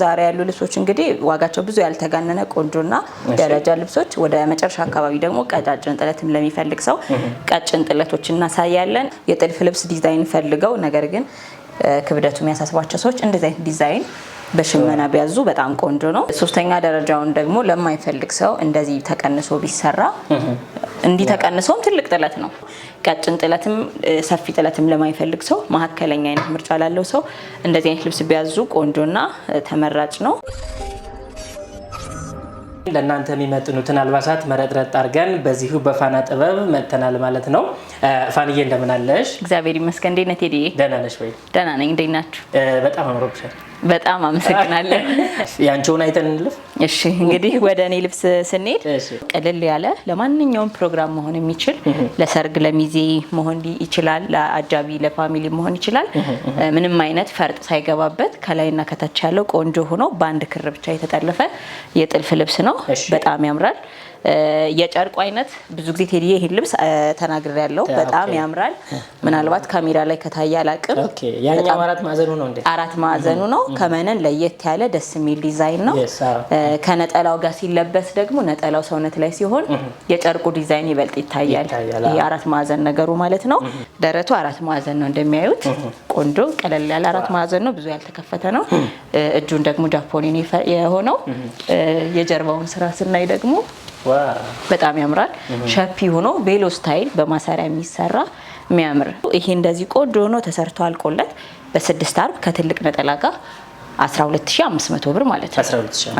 ዛሬ ያሉ ልብሶች እንግዲህ ዋጋቸው ብዙ ያልተጋነነ ቆንጆና ደረጃ ልብሶች፣ ወደ መጨረሻ አካባቢ ደግሞ ቀጫጭን ጥለትም ለሚፈልግ ሰው ቀጭን ጥለቶች እናሳያለን። የጥልፍ ልብስ ዲዛይን ፈልገው ነገር ግን ክብደቱ የሚያሳስባቸው ሰዎች እንደዚህ አይነት ዲዛይን በሽመና ቢያዙ በጣም ቆንጆ ነው። ሶስተኛ ደረጃውን ደግሞ ለማይፈልግ ሰው እንደዚህ ተቀንሶ ቢሰራ እንዲህ ተቀንሶም ትልቅ ጥለት ነው። ቀጭን ጥለትም ሰፊ ጥለትም ለማይፈልግ ሰው መካከለኛ አይነት ምርጫ ላለው ሰው እንደዚህ አይነት ልብስ ቢያዙ ቆንጆና ተመራጭ ነው። ለእናንተ የሚመጥኑትን አልባሳት መረጥረጥ አድርገን በዚሁ በፋና ጥበብ መጥተናል ማለት ነው። ፋንዬ እንደምናለሽ? እግዚአብሔር ይመስገን። እንዴት ነህ ቴዲዬ? ደህና ነሽ ወይ? ደህና ነኝ። እንዴት ናችሁ? በጣም አምሮብሻል። በጣም አመሰግናለሁ። ያንቺውን አይተን እንልፍ። እሺ፣ እንግዲህ ወደ እኔ ልብስ ስንሄድ ቅልል ያለ ለማንኛውም ፕሮግራም መሆን የሚችል ለሰርግ፣ ለሚዜ መሆን ይችላል፣ ለአጃቢ፣ ለፋሚሊ መሆን ይችላል። ምንም አይነት ፈርጥ ሳይገባበት ከላይና ከታች ያለው ቆንጆ ሆኖ በአንድ ክር ብቻ የተጠለፈ የጥልፍ ልብስ ነው። በጣም ያምራል። የጨርቁ አይነት ብዙ ጊዜ ቴዲዬ ይሄን ልብስ ተናግሬ ያለው በጣም ያምራል። ምናልባት ካሜራ ላይ ከታየ አላቅም። አራት ማዕዘኑ ነው ከመነን ለየት ያለ ደስ የሚል ዲዛይን ነው። ከነጠላው ጋር ሲለበስ ደግሞ ነጠላው ሰውነት ላይ ሲሆን የጨርቁ ዲዛይን ይበልጥ ይታያል። ይሄ አራት ማዕዘን ነገሩ ማለት ነው። ደረቱ አራት ማዕዘን ነው እንደሚያዩት፣ ቆንጆ ቀለል ያለ አራት ማዕዘን ነው። ብዙ ያልተከፈተ ነው። እጁን ደግሞ ጃፖኒን የሆነው የጀርባውን ስራ ስናይ ደግሞ በጣም ያምራል። ሸፒ ሆኖ ቬሎ ስታይል በማሰሪያ የሚሰራ የሚያምር ይሄ እንደዚህ ቆንጆ ሆኖ ተሰርቶ አልቆለት በስድስት አርብ ከትልቅ ነጠላ ጋር 12500 ብር ማለት ነው።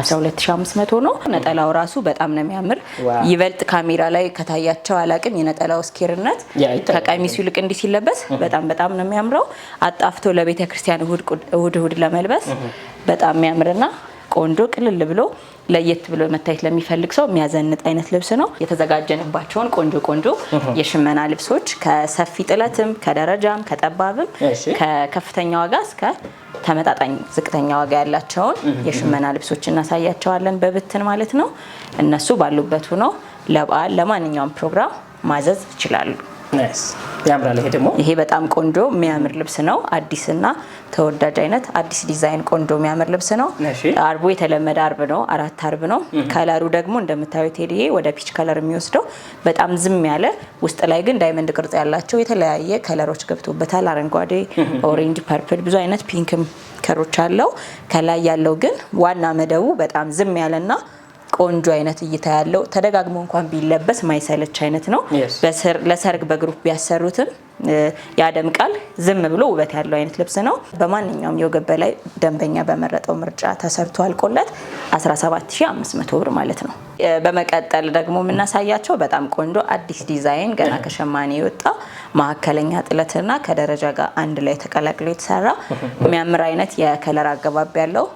12500 ነው። ነጠላው ራሱ በጣም ነው የሚያምር። ይበልጥ ካሜራ ላይ ከታያቸው አላቅም። የነጠላው እስኪርነት ከቀሚሱ ይልቅ እንዲህ ሲለበስ በጣም በጣም ነው የሚያምረው። አጣፍቶ ለቤተ ክርስቲያን እሁድ እሁድ ለመልበስ በጣም የሚያምርና ቆንጆ ቅልል ብሎ ለየት ብሎ መታየት ለሚፈልግ ሰው የሚያዘንጥ አይነት ልብስ ነው። የተዘጋጀንባቸውን ቆንጆ ቆንጆ የሽመና ልብሶች ከሰፊ ጥለትም ከደረጃም ከጠባብም ከከፍተኛ ዋጋ እስከ ተመጣጣኝ ዝቅተኛ ዋጋ ያላቸውን የሽመና ልብሶች እናሳያቸዋለን። በብትን ማለት ነው። እነሱ ባሉበት ሆነው ለበዓል ለማንኛውም ፕሮግራም ማዘዝ ይችላሉ። ያምራል። ይሄ ደግሞ ይሄ በጣም ቆንጆ የሚያምር ልብስ ነው። አዲስና ተወዳጅ አይነት አዲስ ዲዛይን ቆንጆ የሚያምር ልብስ ነው። አርቡ የተለመደ አርብ ነው፣ አራት አርብ ነው። ከለሩ ደግሞ እንደምታዩት ቴዲዬ ወደ ፒች ከለር የሚወስደው በጣም ዝም ያለ ውስጥ ላይ ግን ዳይመንድ ቅርጽ ያላቸው የተለያየ ከለሮች ገብቶበታል። አረንጓዴ፣ ኦሬንጅ፣ ፐርፕል ብዙ አይነት ፒንክም ከሮች አለው። ከላይ ያለው ግን ዋና መደቡ በጣም ዝም ያለና ቆንጆ አይነት እይታ ያለው ተደጋግሞ እንኳን ቢለበስ ማይሰለች አይነት ነው። ለሰርግ በግሩፕ ቢያሰሩትም ያደምቃል። ዝም ብሎ ውበት ያለው አይነት ልብስ ነው። በማንኛውም የወገብ በላይ ደንበኛ በመረጠው ምርጫ ተሰርቶ አልቆለት 17500 ብር ማለት ነው። በመቀጠል ደግሞ የምናሳያቸው በጣም ቆንጆ አዲስ ዲዛይን ገና ከሸማኔ የወጣ መካከለኛ ጥለትና ከደረጃ ጋር አንድ ላይ ተቀላቅሎ የተሰራ የሚያምር አይነት የከለር አገባብ ያለው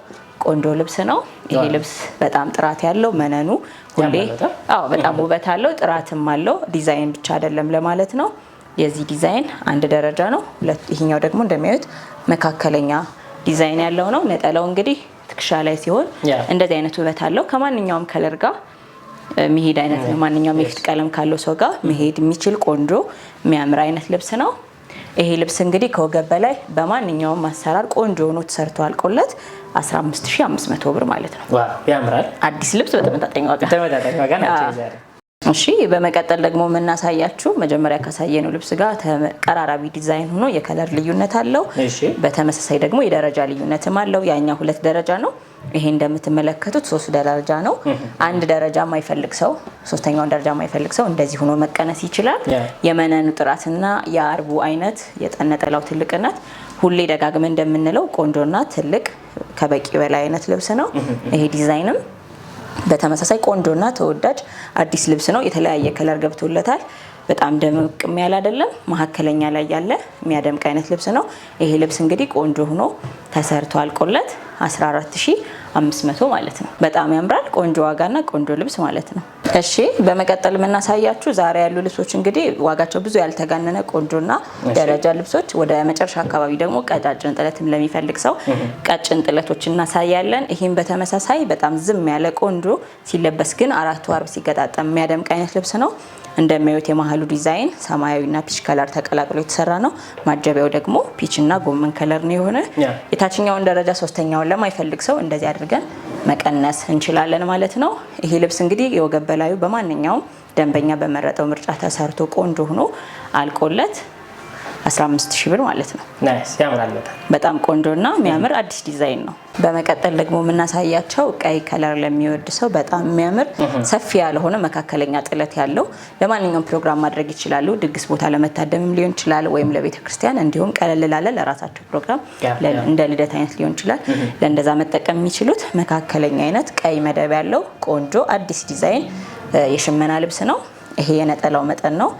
ቆንጆ ልብስ ነው። ይሄ ልብስ በጣም ጥራት ያለው መነኑ ሁሌ አዎ፣ በጣም ውበት አለው፣ ጥራትም አለው። ዲዛይን ብቻ አይደለም ለማለት ነው። የዚህ ዲዛይን አንድ ደረጃ ነው። ይሄኛው ደግሞ እንደሚያዩት መካከለኛ ዲዛይን ያለው ነው። ነጠላው እንግዲህ ትከሻ ላይ ሲሆን እንደዚህ አይነት ውበት አለው። ከማንኛውም ከለር ጋር መሄድ አይነት ነው። ማንኛውም የፊት ቀለም ካለው ሰው ጋር መሄድ የሚችል ቆንጆ የሚያምር አይነት ልብስ ነው። ይሄ ልብስ እንግዲህ ከወገብ በላይ በማንኛውም አሰራር ቆንጆ ሆኖ ተሰርቶ አልቆለት 15500 ብር ማለት ነው። ያምራል። አዲስ ልብስ በተመጣጣኝ ዋጋ ተመጣጣኝ ዋጋ ናቸው። እሺ በመቀጠል ደግሞ የምናሳያችሁ መጀመሪያ ካሳየነው ልብስ ጋር ተቀራራቢ ዲዛይን ሆኖ የከለር ልዩነት አለው። በተመሳሳይ ደግሞ የደረጃ ልዩነትም አለው። ያኛ ሁለት ደረጃ ነው። ይሄ እንደምትመለከቱት ሶስት ደረጃ ነው። አንድ ደረጃ የማይፈልግ ሰው ሶስተኛውን ደረጃ የማይፈልግ ሰው እንደዚህ ሆኖ መቀነስ ይችላል። የመነኑ ጥራትና የአርቡ አይነት የጠነጠላው ትልቅነት ሁሌ ደጋግመን እንደምንለው ቆንጆና ትልቅ ከበቂ በላይ አይነት ልብስ ነው። ይሄ ዲዛይንም በተመሳሳይ ቆንጆና ተወዳጅ አዲስ ልብስ ነው። የተለያየ ከለር ገብቶለታል። በጣም ደምቅም ያለ አይደለም፣ መካከለኛ ላይ ያለ የሚያደምቅ አይነት ልብስ ነው። ይሄ ልብስ እንግዲህ ቆንጆ ሆኖ ተሰርቶ አልቆለት 14500 ማለት ነው። በጣም ያምራል። ቆንጆ ዋጋና ቆንጆ ልብስ ማለት ነው። እሺ በመቀጠል የምናሳያችሁ ዛሬ ያሉ ልብሶች እንግዲህ ዋጋቸው ብዙ ያልተጋነነ ቆንጆና ደረጃ ልብሶች፣ ወደ መጨረሻ አካባቢ ደግሞ ቀጫጭን ጥለትም ለሚፈልግ ሰው ቀጭን ጥለቶች እናሳያለን። ይህም በተመሳሳይ በጣም ዝም ያለ ቆንጆ ሲለበስ ግን አራቱ አርብ ሲገጣጠም የሚያደምቅ አይነት ልብስ ነው። እንደሚያዩት የመሀሉ ዲዛይን ሰማያዊና ፒች ከለር ተቀላቅሎ የተሰራ ነው። ማጀቢያው ደግሞ ፒችና ጎመን ከለር ነው የሆነ የታችኛውን ደረጃ ሶስተኛውን ለማይፈልግ ሰው እንደዚህ አድርገን መቀነስ እንችላለን ማለት ነው። ይሄ ልብስ እንግዲህ የወገብ በላዩ በማንኛውም ደንበኛ በመረጠው ምርጫ ተሰርቶ ቆንጆ ሆኖ አልቆለት 15 ሺህ ብር ማለት ነው። በጣም ቆንጆና የሚያምር አዲስ ዲዛይን ነው። በመቀጠል ደግሞ የምናሳያቸው ቀይ ከለር ለሚወድ ሰው በጣም የሚያምር ሰፊ ያልሆነ መካከለኛ ጥለት ያለው ለማንኛውም ፕሮግራም ማድረግ ይችላሉ። ድግስ ቦታ ለመታደምም ሊሆን ይችላል፣ ወይም ለቤተ ክርስቲያን፣ እንዲሁም ቀለል ላለ ለራሳቸው ፕሮግራም እንደ ልደት አይነት ሊሆን ይችላል። ለእንደዛ መጠቀም የሚችሉት መካከለኛ አይነት ቀይ መደብ ያለው ቆንጆ አዲስ ዲዛይን የሽመና ልብስ ነው። ይሄ የነጠላው መጠን ነው።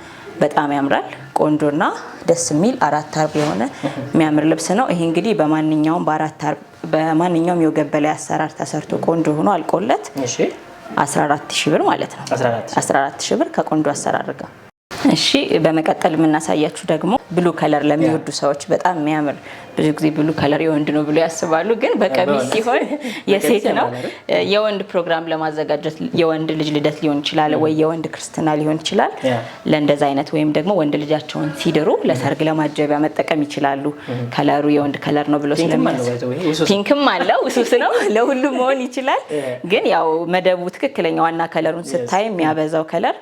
በጣም ያምራል። ቆንጆና ደስ የሚል አራት አርብ የሆነ የሚያምር ልብስ ነው። ይሄ እንግዲህ በማንኛውም በአራት አርብ በማንኛውም የወገብ ላይ አሰራር ተሰርቶ ቆንጆ ሆኖ አልቆለት 14000 ብር ማለት ነው። 14000 ብር ከቆንጆ አሰራር ጋር እሺ በመቀጠል የምናሳያችሁ ደግሞ ብሉ ከለር ለሚወዱ ሰዎች በጣም የሚያምር ብዙ ጊዜ ብሉ ከለር የወንድ ነው ብሎ ያስባሉ፣ ግን በቀሚስ ሲሆን የሴት ነው። የወንድ ፕሮግራም ለማዘጋጀት የወንድ ልጅ ልደት ሊሆን ይችላል፣ ወይ የወንድ ክርስትና ሊሆን ይችላል። ለእንደዛ አይነት ወይም ደግሞ ወንድ ልጃቸውን ሲድሩ ለሰርግ ለማጀቢያ መጠቀም ይችላሉ። ከለሩ የወንድ ከለር ነው ብሎ ፒንክም አለው፣ ውሱስ ነው፣ ለሁሉም መሆን ይችላል። ግን ያው መደቡ ትክክለኛ ዋና ከለሩን ስታይ የሚያበዛው ከለር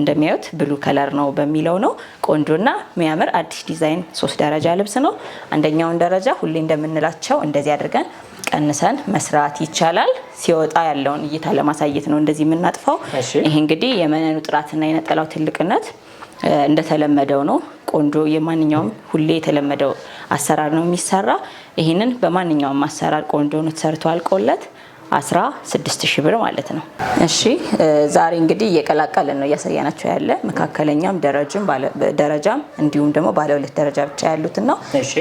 እንደሚያዩት ብሉ ከለር ነው። ነው በሚለው ነው። ቆንጆና የሚያምር አዲስ ዲዛይን ሶስት ደረጃ ልብስ ነው። አንደኛውን ደረጃ ሁሌ እንደምንላቸው እንደዚህ አድርገን ቀንሰን መስራት ይቻላል። ሲወጣ ያለውን እይታ ለማሳየት ነው እንደዚህ የምናጥፈው። ይሄ እንግዲህ የመነኑ ጥራትና የነጠላው ትልቅነት እንደተለመደው ነው። ቆንጆ የማንኛውም ሁሌ የተለመደው አሰራር ነው የሚሰራ። ይህንን በማንኛውም አሰራር ቆንጆ ነው ተሰርቶ አልቆለት 16000 ብር ማለት ነው። እሺ ዛሬ እንግዲህ እየቀላቀልን ነው እያሳያናቸው ያለ መካከለኛም ደረጃም እንዲሁም ደግሞ ባለ ሁለት ደረጃ ብቻ ያሉት ነው።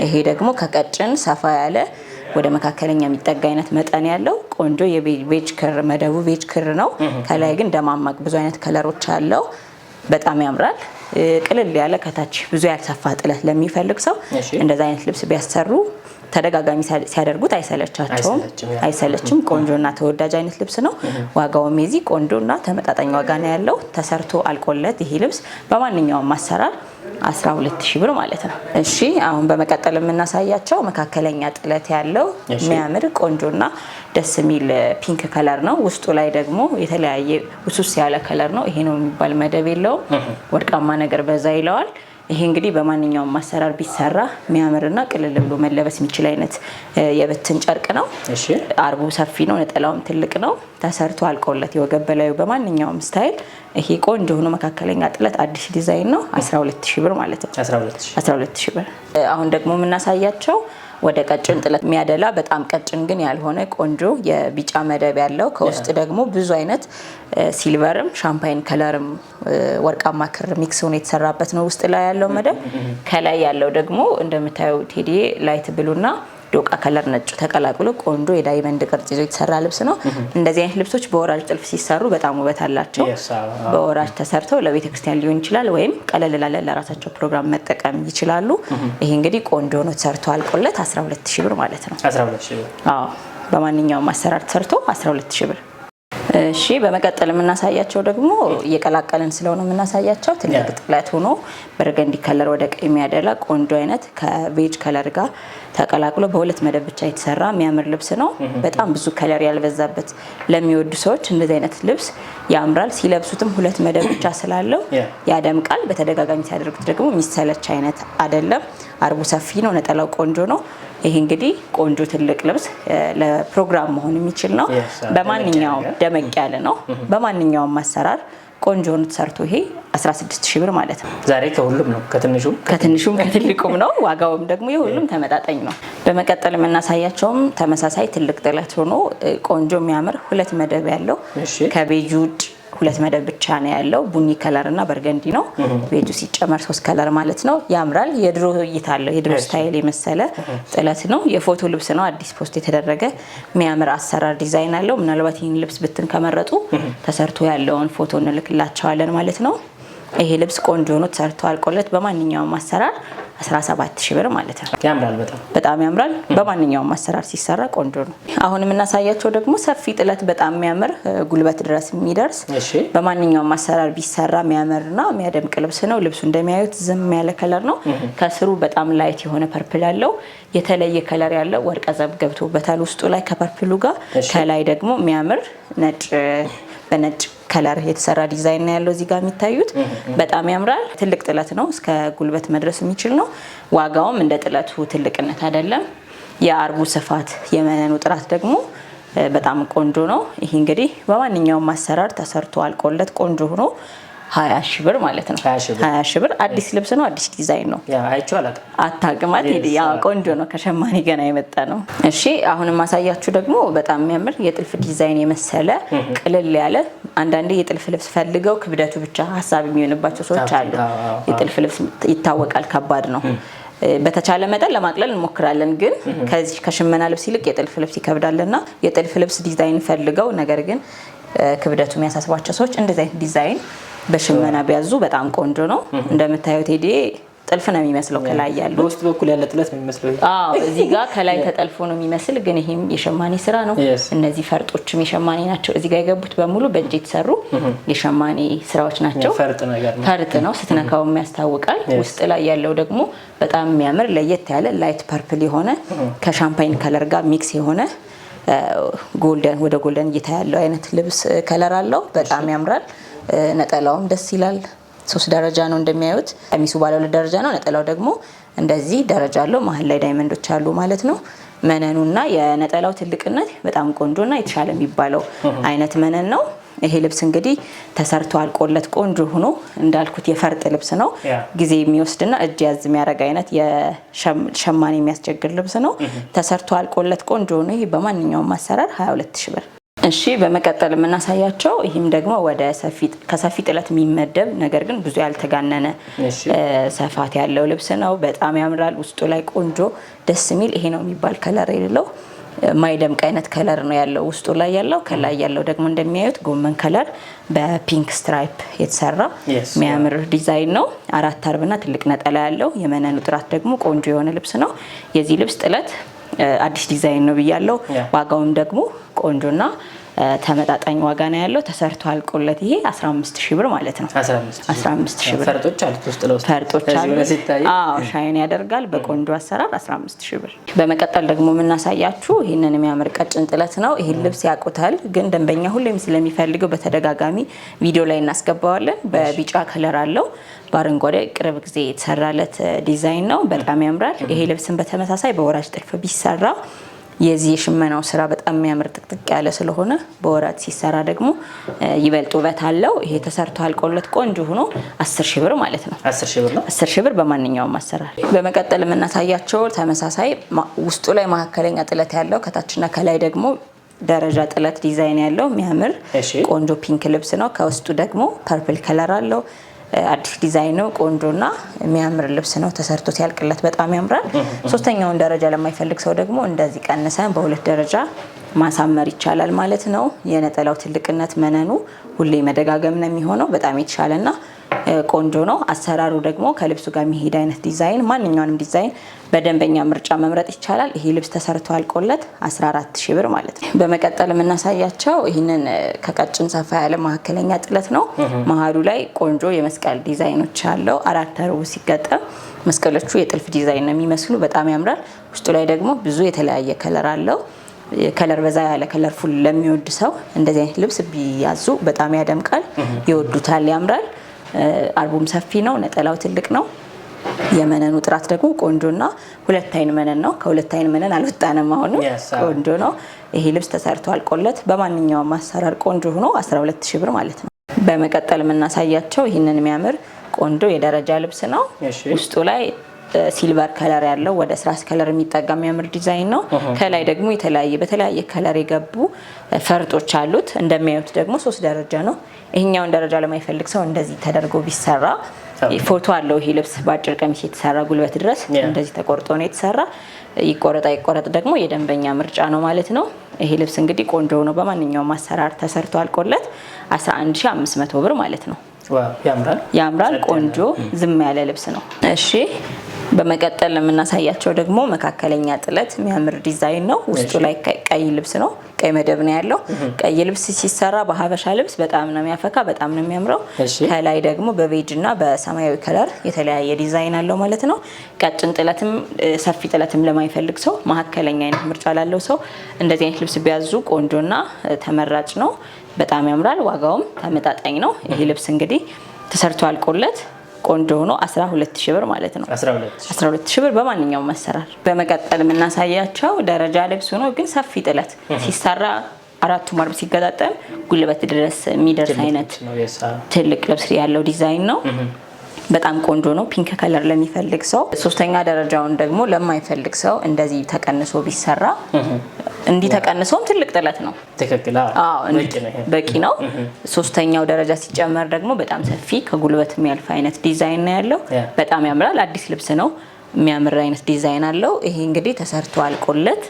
ይሄ ደግሞ ከቀጭን ሰፋ ያለ ወደ መካከለኛ የሚጠጋ አይነት መጠን ያለው ቆንጆ የቤጅ ክር መደቡ ቤጅ ክር ነው። ከላይ ግን ደማማቅ ብዙ አይነት ከለሮች አለው። በጣም ያምራል። ቅልል ያለ ከታች ብዙ ያልሰፋ ጥለት ለሚፈልግ ሰው እንደዚ አይነት ልብስ ቢያሰሩ ተደጋጋሚ ሲያደርጉት አይሰለቻቸውም፣ አይሰለችም። ቆንጆና ተወዳጅ አይነት ልብስ ነው። ዋጋውም የዚህ ቆንጆና ተመጣጣኝ ዋጋ ነው ያለው። ተሰርቶ አልቆለት ይሄ ልብስ በማንኛውም አሰራር 12 ብር ማለት ነው። እሺ አሁን በመቀጠል የምናሳያቸው መካከለኛ ጥለት ያለው የሚያምር ቆንጆና ደስ የሚል ፒንክ ከለር ነው። ውስጡ ላይ ደግሞ የተለያየ ውሱስ ያለ ከለር ነው። ይሄ ነው የሚባል መደብ የለውም። ወርቃማ ነገር በዛ ይለዋል። ይሄ እንግዲህ በማንኛውም አሰራር ቢሰራ የሚያምርና ቅልል ብሎ መለበስ የሚችል አይነት የብትን ጨርቅ ነው። አርቡ ሰፊ ነው፣ ነጠላውም ትልቅ ነው። ተሰርቶ አልቆለት የወገብ በላዩ በማንኛውም ስታይል ይሄ ቆንጆ ሆኖ መካከለኛ ጥለት አዲስ ዲዛይን ነው። 12000 ብር ማለት ነው። 12000 ብር። አሁን ደግሞ የምናሳያቸው ወደ ቀጭን ጥለት የሚያደላ በጣም ቀጭን ግን ያልሆነ ቆንጆ የቢጫ መደብ ያለው ከውስጥ ደግሞ ብዙ አይነት ሲልቨርም ሻምፓይን ከለርም ወርቃማ ክር ሚክስ ሆኖ የተሰራበት ነው ውስጥ ላይ ያለው መደብ። ከላይ ያለው ደግሞ እንደምታየው ቴዲ ላይት ብሉና ዶቃ ከለር ነጩ ተቀላቅሎ ቆንጆ የዳይመንድ ቅርጽ ይዞ የተሰራ ልብስ ነው። እንደዚህ አይነት ልብሶች በወራጅ ጥልፍ ሲሰሩ በጣም ውበት አላቸው። በወራጅ ተሰርተው ለቤተ ክርስቲያን ሊሆን ይችላል፣ ወይም ቀለል ላለ ለራሳቸው ፕሮግራም መጠቀም ይችላሉ። ይሄ እንግዲህ ቆንጆ ነው ተሰርቶ አልቆለት 12 ሺህ ብር ማለት ነው። በማንኛውም አሰራር ተሰርቶ 12 ሺህ ብር እሺ በመቀጠል የምናሳያቸው ደግሞ እየቀላቀልን ስለሆነ የምናሳያቸው ትልቅ ጥለት ሆኖ በርገንዲ ከለር ወደ ቀይ የሚያደላ ቆንጆ አይነት ከቤጅ ከለር ጋር ተቀላቅሎ በሁለት መደብ ብቻ የተሰራ የሚያምር ልብስ ነው። በጣም ብዙ ከለር ያልበዛበት ለሚወዱ ሰዎች እንደዚህ አይነት ልብስ ያምራል። ሲለብሱትም ሁለት መደብ ብቻ ስላለው ያደምቃል። በተደጋጋሚ ሲያደርጉት ደግሞ የሚሰለች አይነት አይደለም። አርቡ ሰፊ ነው። ነጠላው ቆንጆ ነው። ይህ እንግዲህ ቆንጆ ትልቅ ልብስ ለፕሮግራም መሆን የሚችል ነው። በማንኛውም ደመቅ ያለ ነው። በማንኛውም አሰራር ቆንጆ ነው ተሰርቶ ይሄ 16 ሺ ብር ማለት ነው። ዛሬ ከሁሉም ነው ከትንሹም ከትንሹም ከትልቁም ነው። ዋጋውም ደግሞ የሁሉም ተመጣጣኝ ነው። በመቀጠል የምናሳያቸውም ተመሳሳይ ትልቅ ጥለት ሆኖ ቆንጆ የሚያምር ሁለት መደብ ያለው ከቤጅ ውጭ ሁለት መደብ ብቻ ነው ያለው። ቡኒ ከለር እና በርገንዲ ነው። ቤቱ ሲጨመር ሶስት ከለር ማለት ነው። ያምራል። የድሮ እይታ አለው። የድሮ ስታይል የመሰለ ጥለት ነው። የፎቶ ልብስ ነው። አዲስ ፖስት የተደረገ የሚያምር አሰራር ዲዛይን አለው። ምናልባት ይህን ልብስ ብትን ከመረጡ ተሰርቶ ያለውን ፎቶ እንልክላቸዋለን ማለት ነው። ይሄ ልብስ ቆንጆ ሆኖ ተሰርቶ አልቆለት በማንኛውም አሰራር 17 ሺህ ብር ማለት ነው። ያምራል፣ በጣም በጣም ያምራል። በማንኛውም አሰራር ሲሰራ ቆንጆ ነው። አሁን የምናሳያቸው ደግሞ ሰፊ ጥለት በጣም የሚያምር ጉልበት ድረስ የሚደርስ በማንኛውም አሰራር ቢሰራ የሚያምርና የሚያደምቅ ልብስ ነው። ልብሱ እንደሚያዩት ዝም ያለ ከለር ነው። ከስሩ በጣም ላይት የሆነ ፐርፕል ያለው የተለየ ከለር ያለው ወርቀ ዘብ ገብቶበታል ውስጡ ላይ ከፐርፕሉ ጋር ከላይ ደግሞ የሚያምር ነጭ በነጭ ከለር የተሰራ ዲዛይን ነው ያለው። እዚህ ጋር የሚታዩት በጣም ያምራል። ትልቅ ጥለት ነው፣ እስከ ጉልበት መድረስ የሚችል ነው። ዋጋውም እንደ ጥለቱ ትልቅነት አይደለም። የአርቡ ስፋት፣ የመነኑ ጥራት ደግሞ በጣም ቆንጆ ነው። ይህ እንግዲህ በማንኛውም አሰራር ተሰርቶ አልቆለት ቆንጆ ሆኖ ሀያ ሺህ ብር ማለት ነው። ሀያ ሺህ ብር አዲስ ልብስ ነው። አዲስ ዲዛይን ነው። አታቅማት ሄ ቆንጆ ነው። ከሸማኔ ገና የመጣ ነው። እሺ አሁን ማሳያችሁ ደግሞ በጣም የሚያምር የጥልፍ ዲዛይን የመሰለ ቅልል ያለ አንዳንዴ የጥልፍ ልብስ ፈልገው ክብደቱ ብቻ ሀሳብ የሚሆንባቸው ሰዎች አሉ። የጥልፍ ልብስ ይታወቃል፣ ከባድ ነው። በተቻለ መጠን ለማቅለል እንሞክራለን፣ ግን ከዚህ ከሽመና ልብስ ይልቅ የጥልፍ ልብስ ይከብዳልና የጥልፍ ልብስ ዲዛይን ፈልገው ነገር ግን ክብደቱ የሚያሳስባቸው ሰዎች እንደዚህ አይነት ዲዛይን በሽመና ቢያዙ በጣም ቆንጆ ነው። እንደምታዩት ቴዲ ጥልፍ ነው የሚመስለው። ከላይ ያለው በውስጥ በኩል ያለ ጥለት ነው የሚመስለው። አዎ እዚህ ጋር ከላይ ተጠልፎ ነው የሚመስል፣ ግን ይሄም የሸማኔ ስራ ነው። እነዚህ ፈርጦችም የሸማኔ ናቸው። እዚህ ጋር የገቡት በሙሉ በእጅ የተሰሩ የሸማኔ ስራዎች ናቸው። ፈርጥ ነው፣ ስትነካውም ያስታውቃል። ውስጥ ላይ ያለው ደግሞ በጣም የሚያምር ለየት ያለ ላይት ፐርፕል የሆነ ከሻምፓይን ከለር ጋር ሚክስ የሆነ ጎልደን ወደ ጎልደን እይታ ያለው አይነት ልብስ ከለር አለው። በጣም ያምራል። ነጠላውም ደስ ይላል። ሶስት ደረጃ ነው እንደሚያዩት። ቀሚሱ ባለ ሁለት ደረጃ ነው። ነጠላው ደግሞ እንደዚህ ደረጃ አለው። መሀል ላይ ዳይመንዶች አሉ ማለት ነው። መነኑና የነጠላው ትልቅነት በጣም ቆንጆና የተሻለ የሚባለው አይነት መነን ነው። ይሄ ልብስ እንግዲህ ተሰርቶ አልቆለት ቆንጆ ሆኖ እንዳልኩት የፈርጥ ልብስ ነው። ጊዜ የሚወስድና እጅ ያዝ የሚያደርግ አይነት ሸማኔ የሚያስቸግር ልብስ ነው። ተሰርቶ አልቆለት ቆንጆ ሆኖ ይሄ በማንኛውም አሰራር 22 ሺ ብር እሺ በመቀጠል የምናሳያቸው ይህም ደግሞ ወደ ከሰፊ ጥለት የሚመደብ ነገር ግን ብዙ ያልተጋነነ ሰፋት ያለው ልብስ ነው። በጣም ያምራል። ውስጡ ላይ ቆንጆ ደስ የሚል ይሄ ነው የሚባል ከለር የሌለው ማይደምቅ አይነት ከለር ነው ያለው ውስጡ ላይ ያለው። ከላይ ያለው ደግሞ እንደሚያዩት ጎመን ከለር በፒንክ ስትራይፕ የተሰራ የሚያምር ዲዛይን ነው። አራት አርብና ትልቅ ነጠላ ያለው የመነኑ ጥራት ደግሞ ቆንጆ የሆነ ልብስ ነው። የዚህ ልብስ ጥለት አዲስ ዲዛይን ነው ብያለው። ዋጋውም ደግሞ ቆንጆና ተመጣጣኝ ዋጋ ነው ያለው። ተሰርቶ አልቆለት ይሄ 15 ሺህ ብር ማለት ነው። 15 ሺህ ብር ፈርጦች አሉት ውስጥ ለውስጥ ፈርጦች አሉት። አዎ ሻይን ያደርጋል በቆንጆ አሰራር 15 ሺህ ብር። በመቀጠል ደግሞ የምናሳያችሁ ይህንን የሚያምር ቀጭን ጥለት ነው። ይህን ልብስ ያውቁታል፣ ግን ደንበኛ ሁሌም ስለሚፈልገው በተደጋጋሚ ቪዲዮ ላይ እናስገባዋለን። በቢጫ ከለር አለው። በአረንጓዴ ቅርብ ጊዜ የተሰራለት ዲዛይን ነው። በጣም ያምራል። ይሄ ልብስን በተመሳሳይ በወራጅ ጥልፍ ቢሰራ የዚህ የሽመናው ስራ በጣም የሚያምር ጥቅጥቅ ያለ ስለሆነ በወራት ሲሰራ ደግሞ ይበልጥ ውበት አለው። ይሄ ተሰርቶ አልቆለት ቆንጆ ሆኖ አስር ሺ ብር ማለት ነው። አስር ሺ ብር በማንኛውም አሰራር። በመቀጠል የምናሳያቸው ተመሳሳይ ውስጡ ላይ መካከለኛ ጥለት ያለው ከታችና ከላይ ደግሞ ደረጃ ጥለት ዲዛይን ያለው የሚያምር ቆንጆ ፒንክ ልብስ ነው። ከውስጡ ደግሞ ፐርፕል ከለር አለው። አዲስ ዲዛይን ነው። ቆንጆና የሚያምር ልብስ ነው። ተሰርቶ ሲያልቅለት በጣም ያምራል። ሶስተኛውን ደረጃ ለማይፈልግ ሰው ደግሞ እንደዚህ ቀንሰን በሁለት ደረጃ ማሳመር ይቻላል ማለት ነው። የነጠላው ትልቅነት መነኑ ሁሌ መደጋገም ነው የሚሆነው። በጣም የተሻለና ቆንጆ ነው። አሰራሩ ደግሞ ከልብሱ ጋር የሚሄድ አይነት ዲዛይን፣ ማንኛውንም ዲዛይን በደንበኛ ምርጫ መምረጥ ይቻላል። ይሄ ልብስ ተሰርቶ አልቆለት 14 ሺህ ብር ማለት ነው። በመቀጠል የምናሳያቸው ይህንን ከቀጭን ሰፋ ያለ መካከለኛ ጥለት ነው። መሀሉ ላይ ቆንጆ የመስቀል ዲዛይኖች አለው። አራት ርቡ ሲገጠም መስቀሎቹ የጥልፍ ዲዛይን ነው የሚመስሉ፣ በጣም ያምራል። ውስጡ ላይ ደግሞ ብዙ የተለያየ ከለር አለው። ከለር በዛ ያለ ከለር ፉል ለሚወድ ሰው እንደዚህ አይነት ልብስ ቢያዙ በጣም ያደምቃል፣ ይወዱታል፣ ያምራል። አልቡም ሰፊ ነው። ነጠላው ትልቅ ነው። የመነኑ ጥራት ደግሞ ቆንጆ እና ሁለት አይን መነን ነው። ከሁለት አይን መነን አልወጣንም። አሁንም ቆንጆ ነው። ይሄ ልብስ ተሰርቶ አልቆለት በማንኛውም አሰራር ቆንጆ ሆኖ 12 ሺ ብር ማለት ነው። በመቀጠል የምናሳያቸው ይህንን የሚያምር ቆንጆ የደረጃ ልብስ ነው። ውስጡ ላይ ሲልቨር ከለር ያለው ወደ ስራስ ከለር የሚጠጋ የሚያምር ዲዛይን ነው። ከላይ ደግሞ የተለያየ በተለያየ ከለር የገቡ ፈርጦች አሉት። እንደሚያዩት ደግሞ ሶስት ደረጃ ነው። ይሄኛውን ደረጃ ለማይፈልግ ሰው እንደዚህ ተደርጎ ቢሰራ ፎቶ አለው። ይሄ ልብስ በአጭር ቀሚስ የተሰራ ጉልበት ድረስ እንደዚህ ተቆርጦ ነው የተሰራ። ይቆረጣ ይቆረጥ ደግሞ የደንበኛ ምርጫ ነው ማለት ነው። ይሄ ልብስ እንግዲህ ቆንጆ ሆኖ በማንኛውም አሰራር ተሰርቶ አልቆለት 11500 ብር ማለት ነው። ያምራል፣ ቆንጆ ዝም ያለ ልብስ ነው። እሺ በመቀጠል የምናሳያቸው ደግሞ መካከለኛ ጥለት የሚያምር ዲዛይን ነው። ውስጡ ላይ ቀይ ልብስ ነው፣ ቀይ መደብ ነው ያለው። ቀይ ልብስ ሲሰራ በሀበሻ ልብስ በጣም ነው የሚያፈካ፣ በጣም ነው የሚያምረው። ከላይ ደግሞ በቤጅ እና በሰማያዊ ከለር የተለያየ ዲዛይን አለው ማለት ነው። ቀጭን ጥለትም ሰፊ ጥለትም ለማይፈልግ ሰው፣ መካከለኛ አይነት ምርጫ ላለው ሰው እንደዚህ አይነት ልብስ ቢያዙ ቆንጆና ተመራጭ ነው። በጣም ያምራል። ዋጋውም ተመጣጣኝ ነው። ይህ ልብስ እንግዲህ ተሰርቶ አልቆለት ቆንጆ ሆኖ 12 ሺህ ብር ማለት ነው። 12 ሺህ ብር በማንኛውም መሰራር። በመቀጠል የምናሳያቸው ደረጃ ልብስ ሆኖ ግን ሰፊ ጥለት ሲሰራ አራቱ ማርብ ሲገጣጠም ጉልበት ድረስ የሚደርስ አይነት ትልቅ ልብስ ያለው ዲዛይን ነው። በጣም ቆንጆ ነው። ፒንክ ከለር ለሚፈልግ ሰው፣ ሶስተኛ ደረጃውን ደግሞ ለማይፈልግ ሰው እንደዚህ ተቀንሶ ቢሰራ እንዲህ ተቀንሶም ትልቅ ጥለት ነው። በቂ ነው። ሶስተኛው ደረጃ ሲጨመር ደግሞ በጣም ሰፊ ከጉልበት የሚያልፍ አይነት ዲዛይን ነው ያለው። በጣም ያምራል። አዲስ ልብስ ነው። የሚያምር አይነት ዲዛይን አለው። ይሄ እንግዲህ ተሰርቶ አልቆለት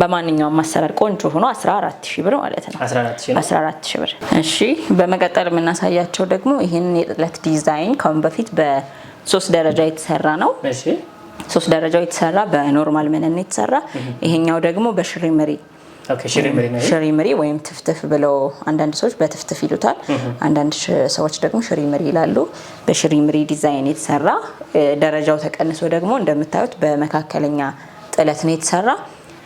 በማንኛውም አሰራር ቆንጆ ሆኖ 14 ሺህ ብር ማለት ነው። 14 ሺህ ብር። እሺ፣ በመቀጠል የምናሳያቸው ደግሞ ይህንን የጥለት ዲዛይን ከአሁን በፊት በሶስት ደረጃ የተሰራ ነው። ሶስት ደረጃ የተሰራ በኖርማል መነን የተሰራ ይሄኛው ደግሞ ሽሪ ሽሪምሪ ወይም ትፍትፍ ብለው አንዳንድ ሰዎች በትፍትፍ ይሉታል፣ አንዳንድ ሰዎች ደግሞ ሽሪምሪ ይላሉ። በሽሪምሪ ዲዛይን የተሰራ ደረጃው ተቀንሶ ደግሞ እንደምታዩት በመካከለኛ ጥለት ነው የተሰራ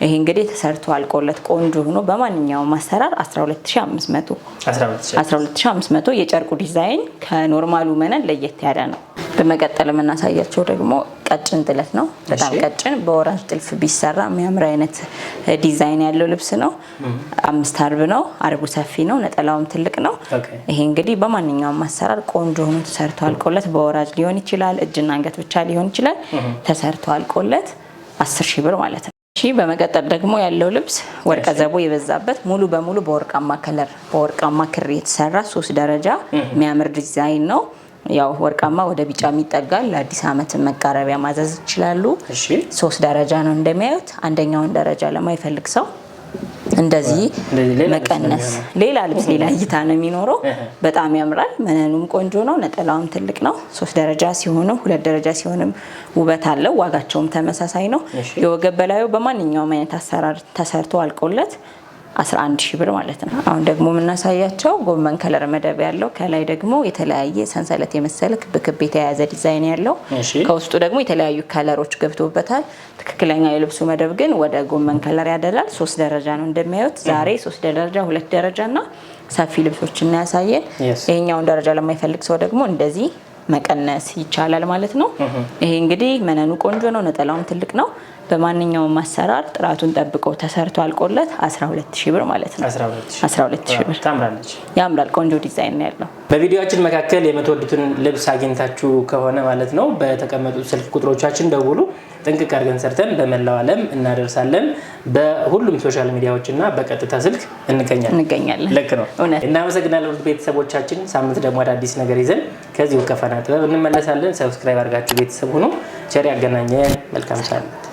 ይሄ እንግዲህ ተሰርቶ አልቆለት ቆንጆ ሆኖ በማንኛውም አሰራር 12500 12500 የጨርቁ ዲዛይን ከኖርማሉ መነን ለየት ያለ ነው። በመቀጠል የምናሳያቸው ደግሞ ቀጭን ጥለት ነው። በጣም ቀጭን በወራጅ ጥልፍ ቢሰራ የሚያምር አይነት ዲዛይን ያለው ልብስ ነው። አምስት አርብ ነው። አርቡ ሰፊ ነው፣ ነጠላውም ትልቅ ነው። ይሄ እንግዲህ በማንኛውም አሰራር ቆንጆ ሆኖ ተሰርቶ አልቆለት በወራጅ ሊሆን ይችላል፣ እጅና አንገት ብቻ ሊሆን ይችላል። ተሰርቶ አልቆለት አስር ሺህ ብር ማለት ነው። በመቀጠል ደግሞ ያለው ልብስ ወርቀ ዘቦ የበዛበት ሙሉ በሙሉ በወርቃማ ከለር በወርቃማ ክር የተሰራ ሶስት ደረጃ የሚያምር ዲዛይን ነው። ያው ወርቃማ ወደ ቢጫ የሚጠጋል። ለአዲስ ዓመት መቃረቢያ ማዘዝ ይችላሉ። ሶስት ደረጃ ነው እንደሚያዩት። አንደኛውን ደረጃ ለማይፈልግ ሰው እንደዚህ መቀነስ ሌላ ልብስ ሌላ እይታ ነው የሚኖረው። በጣም ያምራል። መነኑም ቆንጆ ነው። ነጠላውም ትልቅ ነው። ሶስት ደረጃ ሲሆንም ሁለት ደረጃ ሲሆንም ውበት አለው። ዋጋቸውም ተመሳሳይ ነው። የወገብ በላዩ በማንኛውም አይነት አሰራር ተሰርቶ አልቆለት 11 ሺ ብር ማለት ነው። አሁን ደግሞ የምናሳያቸው ጎመን ከለር መደብ ያለው ከላይ ደግሞ የተለያየ ሰንሰለት የመሰለ ክብ ክብ የተያያዘ ዲዛይን ያለው ከውስጡ ደግሞ የተለያዩ ከለሮች ገብቶበታል። ትክክለኛ የልብሱ መደብ ግን ወደ ጎመን ከለር ያደላል። ሶስት ደረጃ ነው እንደሚያዩት። ዛሬ ሶስት ደረጃ፣ ሁለት ደረጃ እና ሰፊ ልብሶች እናያሳየን። ይሄኛውን ደረጃ ለማይፈልግ ሰው ደግሞ እንደዚህ መቀነስ ይቻላል ማለት ነው። ይሄ እንግዲህ መነኑ ቆንጆ ነው፣ ነጠላውም ትልቅ ነው። በማንኛውም አሰራር ጥራቱን ጠብቆ ተሰርቶ አልቆለት 120 ሺ ብር ማለት ነው። 120 ብር ታምራለች። ያምራል። ቆንጆ ዲዛይን ነው ያለው። በቪዲዮችን መካከል የምትወዱትን ልብስ አግኝታችሁ ከሆነ ማለት ነው በተቀመጡ ስልክ ቁጥሮቻችን ደውሉ። ጥንቅቅ አድርገን ሰርተን በመላው ዓለም እናደርሳለን። በሁሉም ሶሻል ሚዲያዎች እና በቀጥታ ስልክ እንገኛለን እንገኛለን። ልክ ነው። እናመሰግናለን ቤተሰቦቻችን። ሳምንት ደግሞ አዳዲስ ነገር ይዘን ከዚሁ ከፈና ጥበብ እንመለሳለን። ሰብስክራይብ አድርጋችሁ ቤተሰብ ሁኑ። ቸር ያገናኘን። መልካም ሳምንት